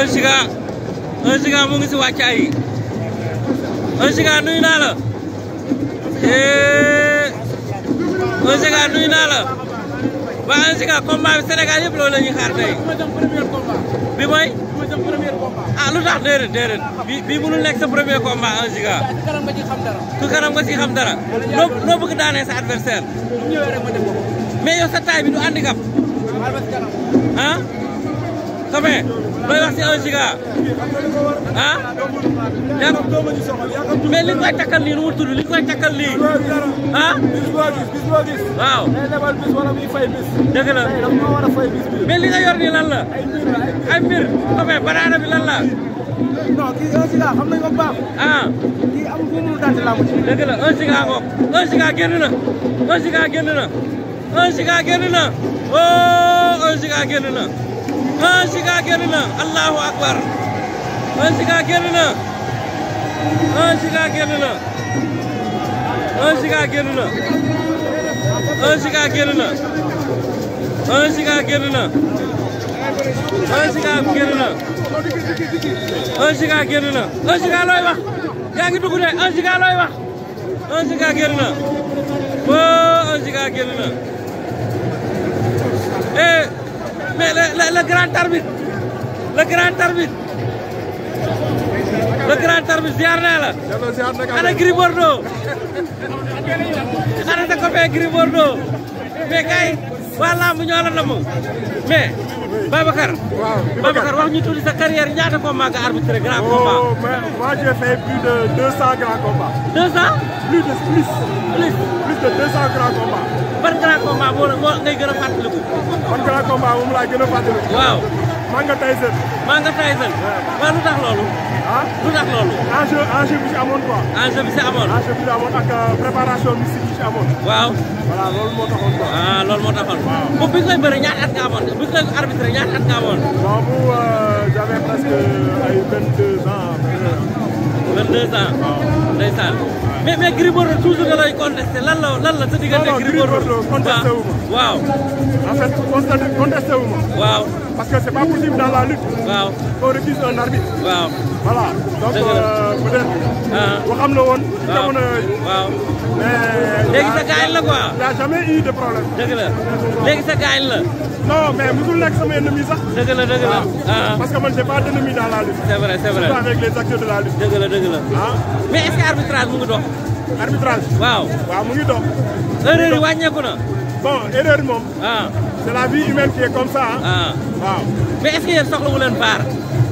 un giga un giga mu ngi si wàccaay yi un giga nuyu naa la un giga nuyu naa la waaw un giga combat bi Sénégal la ñuy xaar tey bi mooy ah lu tax déedéet déedéet bi bi mënul nekk sa premier combat un giga ku kanam nga ci xam dara noo noo bëgg daanee sa adversaire sa taay bi du handicap ah Safin looy wax si 1 giga ah. yaa mais li ñu koy takkal nii nu mu tudd li ñu koy takkal nii ah. waaw. dëgg la mais li nga yor nii lan la ay mbir Safin banaana bi lan la. non kii 1 giga xam nañu ko baax. ah kii amul ku mu daan ci laamu ci. dëgg la 1 giga ngoog 1 giga génn na 1 giga génn na 1 giga génn na oh 1 giga génn na. un giga génn na allahu akbar un giga génn na un giga génn na un giga génn na un giga génn na un giga génn na un giga génn na un giga génn na un giga looy wax yaa ngi dugg de un giga looy wax un giga génn na un giga génn na Mais le, le, le, grand arbitre, le grand arbitre, le grand arbitre ziar naa la. ana Gris Bordeaux. ana sa copain Gris Bordeaux. mais kay waa làmb ñoo la namm mais babakar waaw Babacar wax ñu tuuti sa carrière ñaata combat nga arbitré grand oh, combat. oh mais moi j'ai fait plus de 200 grands combats. 200. plus de plus. plus. plus de 200 grands combats. ban grand combat boo boo ngay gën a fàttaliku. ban grand combat moom laa gën a fàttaliku. waaw. Manga Tyson. Manga Tyson. waaw lu tax loolu. Ah? lu tax loolu. enjeu enjeu amoon quoi. enjeu amoon. enjeu bi si amoon euh, amoon. waaw. loolu moo taxoon ah, loolu moo taxoon. waaw bu koy bëre ñaata at nga amoon bu koy arbitré ñaata at nga amoon. waaw bu euh, j'avais presque euh, ay 22 ans. 22 ans. waaw ndeysaan. mais mais Gris Bordeaux toujours da lay contesté lan la lan la sa diggante Gris Bordeaux contesté wu ma. waaw. en fait contesté contesté wu ma. waaw parce que c' est pas possible dans la lutte. waaw on récuse un arbitre. waaw voilà donc euh, peut-être. Ah. waxam la woon. jamono yooyu. waaw léegi sa gaañ la quoi. a jamais eu de problème. dëgg la léegi sa gaañ la. non mais musul nekk sama ennemi sax. dëgg la dëgg la ah. parce que man j'ai pas d'ennemi dans mu ngi dox. arbitrage. waaw mu ngi dox. erreur yi wàññeeku na. bon erreur moom. ah c'est la vie humaine baar.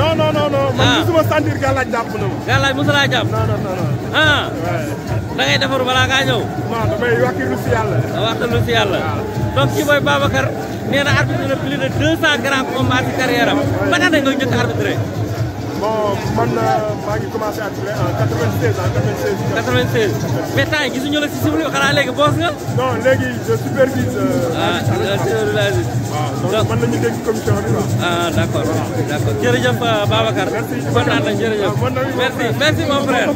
non non non non. man ah. mosuma sentir gàllaaj jàpp na ma. gàllaaj mosu laa jàpp. non non non. ah. da ngay defar balaa ngaa ñëw. non damay wàkkilu si yàlla. wàkkilu si yàlla. donc ci mooy Babacar nee na arbitré na plus de 200 grands combats ci carrière am. ban année nga njëkk arbitré. bon man euh, maa ngi commencé attiré en 96 en 96. 96 mais temps yii gisuñu la si suuf xanaa léegi boos nga. non léegi je supervise. Euh, ah waaw donc mën nañu dégg commission bi quoi. ah d' accord d' accord jërëjëf euh, Babacar. merci kontaan nañu jërëjëf. Ah, merci merci mon frère.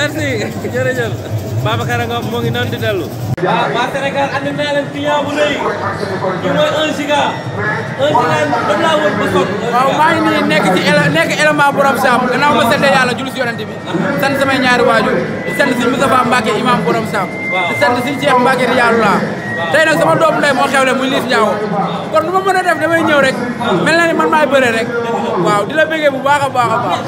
merci jërëjëf. Babacar Ngom moo ngi noonu di dellu. waaw waa Sénégal andi naa leen client bu rëy bi mooy 1 giga 1 laa wër ba sot. waaw maa ngi nii nekk ci nekk élément borom saam gannaaw ma sant yàlla julli si yonent bi sant samay ñaari waajur di sant si Moustapha Mbacke imam borom saam di sant si Cheikh Mbacke di yàlla tey nag sama doomu ndey moo xewle muy Liss Ndiago kon nu ma mën a def damay ñëw rek mel na ni man maay bëre rek waaw di la bëggee bu baax a baax a baax.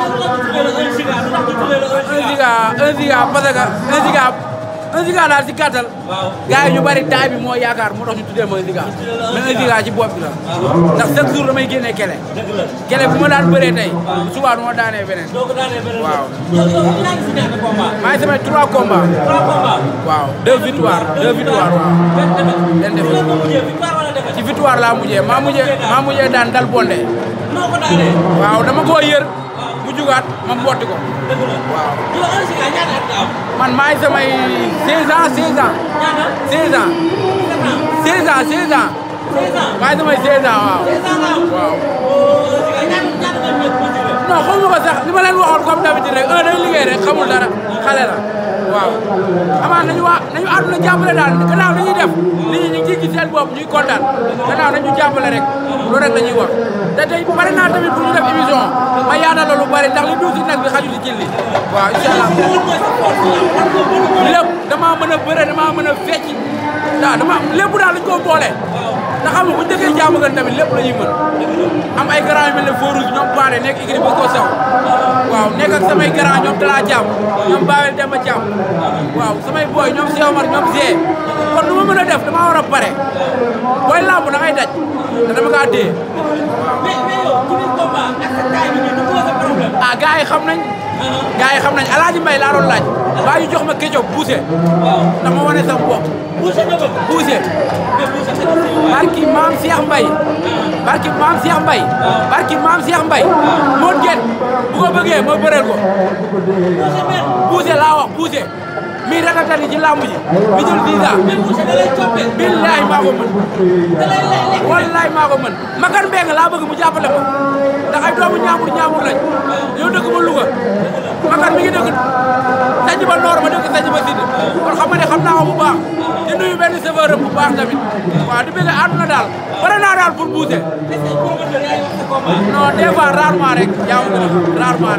un giga un un Giga daal si gàttal. waaw ñu bari taay moo yaakaar moo tax ñu tuddee ma un Giga. mais un Giga ci bopp bi kele. kele bu ma daan bëree tey. waaw suba du ma daanee beneen. doo ko daanee beneen waaw. maa ngi sama trois combats. trois combats. waaw deux victoires deux victoires waaw. benn laa mujjee maa mujjee daan dal bonde. waaw dama koo yër. ma man maay samay 16 ans 16 ans. maay samay 16 ans waaw. 16 nga ñëw oh, non xamu ma ko sax li ma leen waxoon comme liggéey rek xamul dara xale la. waaw amaan nañu waa nañu àdduna jàppale daal gannaaw li ñuy def nit ñi ñu ngi gis seen bopp ñuy kontaan gannaaw nañu jàppale rek loolu rek la ñuy wax pare naa tamit bu ñu def émission ma yaata loolu bari ndax li duusi nag bi xajul ci li waaw incha allah lépp damaa mën a bëre damaa dama lépp daal dañu koo boole te xam nga jaamu gën tamit lépp la ñuy mën am ay garant yu mel ne Fodou ñoom Baare nekk équipe ba ko saw waaw nekk ak samay garant ñoom Talla Thiam ñoom Bawel Demba Thiam waaw samay booy ñoom Cheikh Omar ñoom Zé kon lu ma a def damaa war a pare booy làmb da ngay daj te dama kaa dee. mais mais sa taay bi nii xam nañ. gars xam nañ Alaaji Mbaye laa doon laaj. bayu jox ma Ketchup Boucher. dama wone sa bop sama bopp. Boucher nga bëgg. Boucher. barki mam Cheikh mbay barki mam Cheikh mbay barki mam Cheikh mbay mo gën bu ko beugé mo beurel ko. laa wax poussé mi ratatani ci làmb ji mi jël dix ans billaay maa ko mën wallaay maa ko mën makan mbeng laa bëgg mu jàppale ko doomu ñaamur ñaamur lañ yow dëkk ba Louga makan mi ngi dëkk sañ ba noor ma dëkk sañ ba sud kon xam nga di nuyu benn chauffeur bu baax tamit waaw di bëgg àdduna daal bare naa daal pour buuse non des fois rarement rek jaamu gën a rarement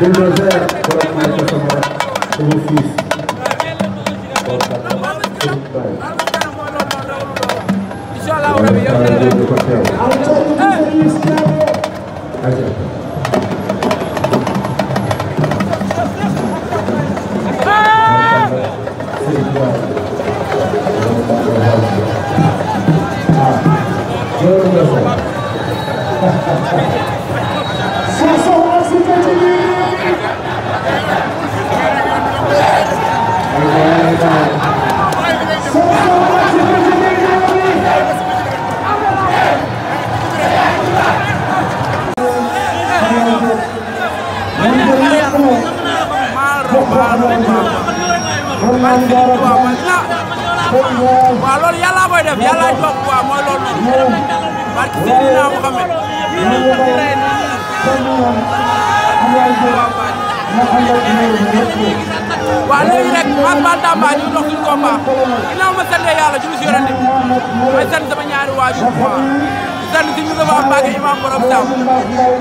bulldozer borom may ko sama sama fils incha allah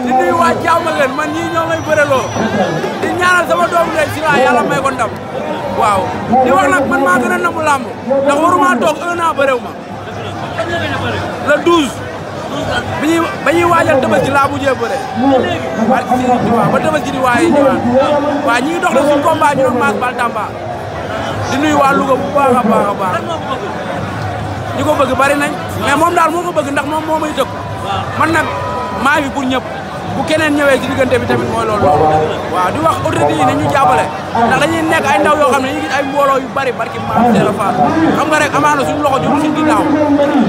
di nuyu waa jàmm lebih man ñii ñoo di ñaanal sama doom ndey si laa yàlla may ko ndam waaw di wax nag man maa gën namu làmb ndax waruma toog un an bëreew ma le 12 bi ñuy ba ñuy waajal dëbës ji laa bëre ba dëbës ji di waaye ñëwaat waaw ñi dox na suñu combat ñu bal tamba di nuyu bu baax bëgg bari nañ mais bëgg ndax dëkk man maa pour ñep bu keneen ñewé ci digënté bi tamit mooy loolu waaw di wax autorité yi nañu jabalé ndax dañuy nekk ay ndaw yo xamné ne ñu ngi ay mbolo yu bari barki maam la Fall xam nga rek amana suñu loxo jotul suñu ginaaw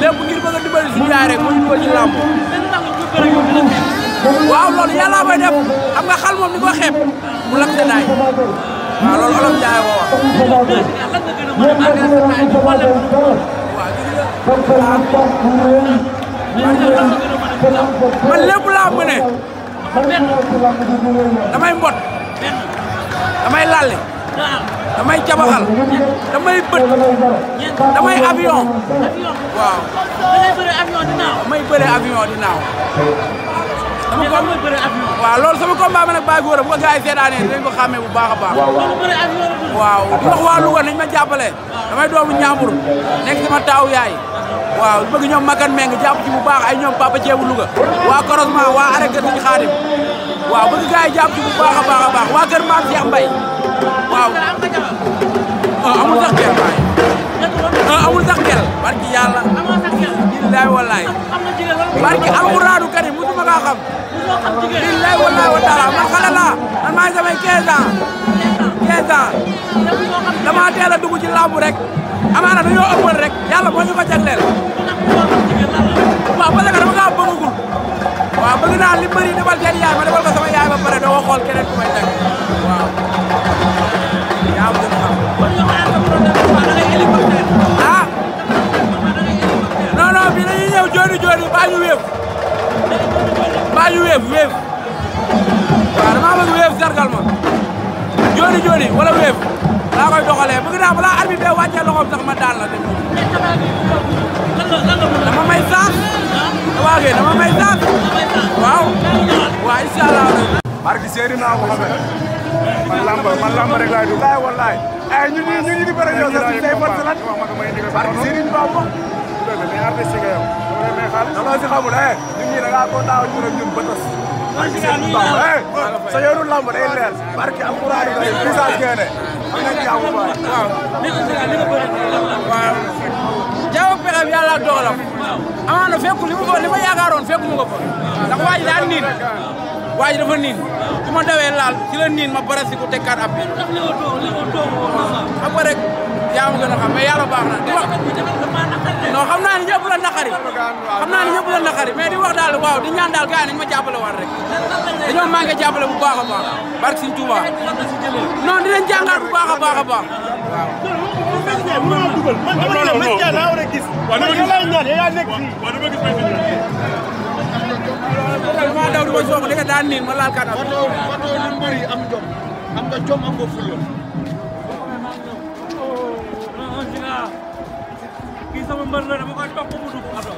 lepp ngir bëgg a dimbali suñu yaay rek ñu ko ci lamb waaw loolu yalla may def xam nga xal mom ni ko xép mu lakk sa naay waaw loolu olof jaay ko wax man lépp laa mën damay mbot damay lalle damay cabaxal damay bët damay avion waaw damay bëre avion di naaw sama ko mooy waaw loolu sama combat ma nag Baye Gora bu ko gars yi seetaanee dinañ bu baax baax waaw wax waa Louga nañ ma jàppale damay doomu ñaambur nekk sama taaw yaay waaw bëgg ñoom Makan mee jàpp ci bu baax ay ñoom Papa Ceebu Louga waa Corosement waa arrêté Sëñ Xaadim waaw bëgg gars yi jàpp bu baax a baax a baax waa kër Maam Cheikh Mbaye waaw ah, amul sax kel waay ah, amul sax kel barki yàlla billaay wallaay barki alxuraanu karim musuma kaa xam billaay wallaay wa taala man xale laa samay 15 ans dama teel a ci làmb rek amaana dañoo ëppal rek yàlla moo ñu ko jagleel waaw parce que dama kaa bëggagul waaw bëgg naa li bëri defal seen yaay ma defal ko yaay ba pare doo ko xool keneen ku may bi ah! dañuy ñëw jooni jooni baa ñu wéef baa ñu wéef wéef waaw damaa bëgg wéef sargal ma jooni jooni wala wéef laa koy doxalee bëgg naa balaa arbitre bee wàccee loxoom sax ma daan la de. dama may sax. waaw kay dama may sax. waaw. waaw incha allah. barki seeri naa ko xamee man lamb man lamb rek laay dugg. laay wallaay. ay eh, ñu ñu ñu ñu di bëri yow sax si say bët lan. barki seeri ñu baax ma. dëgg la mais arbitre si nga yow. dama lay may xaalis. dama si xamul eh. ñun ñii da ngaa ko daaw ñu rek ñun bëtas. Eh? sa yoonu lamb day leer barke am xuraani day visage geene am nañ jaamu baay waaw jaamu pexem yàlla dogalam amaana fekku li mu ko li ma yaakaaroon fekku mu ko fa ndax waa ji daal niin waa ji dafa niin su ma dawee laal ci la niin ma barasi ko tekkaat ab bi après rek yaa ma gën a xam mais yàlla baax na di wax non xam naa ni ñëpp la naqari xam naa ni ñëpp la naqari di wax daal waaw di ñaan daal gars yi nañu ma jàppale waat rek dañoo manqué jàppale bu baax a baax barke Sëriñ Tuuba non dinañ jàngaat bu baax a baax a baax waaw maa daw di ma soog a daan nii ma laal kanam. am jom am nga jom am nga ma la dama koy topp mu dugg Ablaye.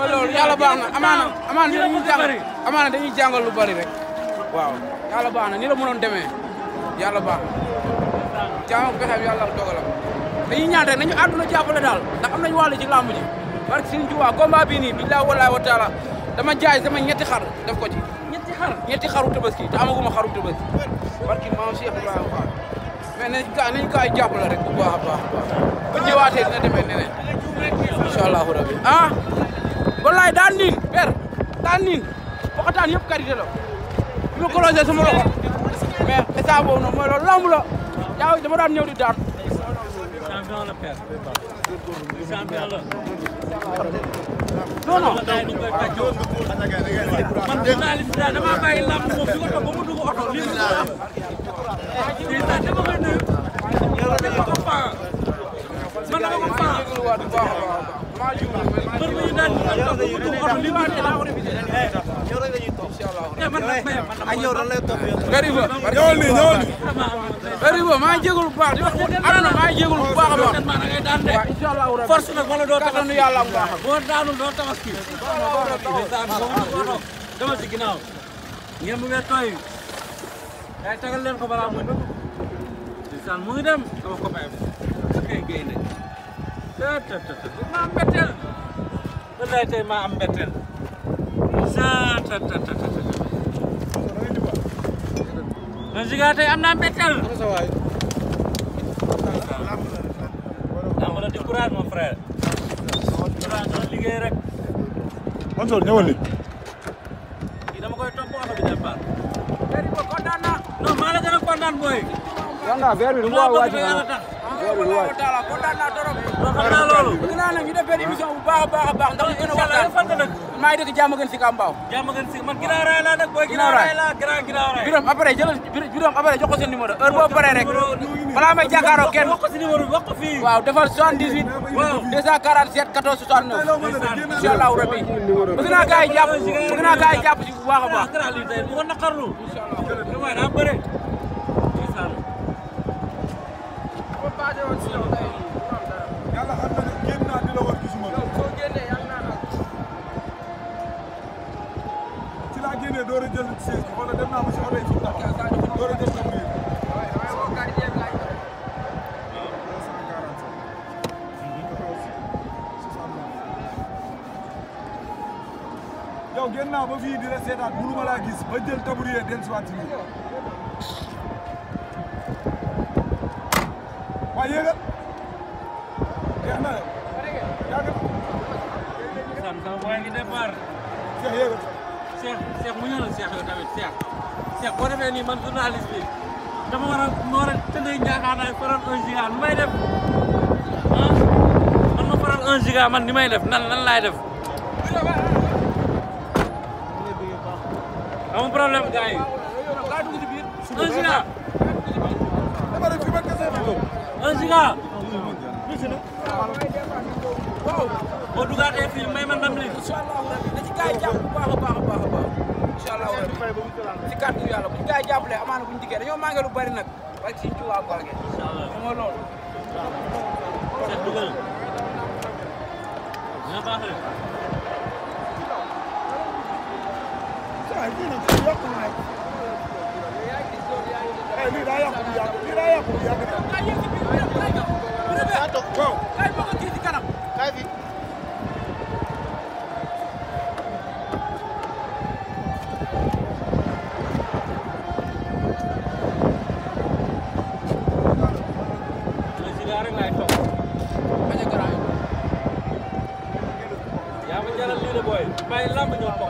man si amaana amaana dañuy jàngal lu bari rek. waaw yàlla baax na ni la mënoon demee yàlla baax na. jàmm pexeem yàlla dogalam. dañuy ñaan rek nañu àdduna jàppale daal ndax am nañu wàll ci làmb ji. parce que suñu ci waa combat bii nii billahi wa taala dama jaay sama ñetti xar def ko ci. ñetti xar ñetti xaru tabaski te amaguma xaru tabaski. barki maam Cheikh Ibrahima Fall mais nañ kaa nañ kaa jàppale rek bu baax a baax bu ñëwaatee dina demee neneen. incha rabi ah. wallaay daan niin per daan niin waxtaan yëpp karité la bi ma colosé sama loxo mais état boobu mooy loolu lamb la dama daan ñëw di daatu. super. champion non non. man journaliste daal damaa bàyyi làmb moom su ko toog ba mu dugg oto lii lii sax dama koy nuyu. man dama ko faa. Gariba ñëwal nii ñëwal nii. Gariba maa ngi jégalu bu baax di wax Arona maa ngi jégalu bu baax a baax. force nag wala doo taxaw yàlla bu baax. boo daanul doo taxaw kii. dama ci ginnaaw. ngeen mu ngeen tooy. yaay tagal leen ko balaa muy. ndeysaan mu ngi dem sama copain bi. ok géy nañ. ma mbetteel wallaay tey ma am mbetteel non Ziga tey am naa mbetteel dama la di courage mon frère courage doon liggéey rek bonjour ñëwal ni kii dama koy topp oto bi dem ba verre bi kontaan naa non maa la gën a kontaan booy kontaan verre bi lu mu xam naa loolu bëgg naa nag ñu def benn émission bu baax a baax a a maa ngi dëkk jàmm gën si Kambaaw jàmm gën si man ginnaaw raay laa nag booy balaa may jàkkaaroo kenn wax ko si numéro wax ko fii waaw defal 78 rabi a door a jël siège bi wala dem naa ba si oto yi fi mu taxaw door a jël sa biir. yow génn naa ba fii di la seetaat mënu ma laa gis ba jël tabourier den si waat si biir. waaye yéegal jeex na de. yaa ngi départ. jeex yéegal. Cheikh Cheikh mu ñëwal Cheikh yow tamit Cheikh Cheikh boo defee nii man journaliste bi dama war a ma war a tëddee njaaxaanaay faral un giga nu may def ah man ma faral un giga man ni may def nan nan laay def. amul problème gars yi. un giga. un giga. boo dugaatee fii may ma ndam lii. incha allahu a bàyyi lamb ñoo bokk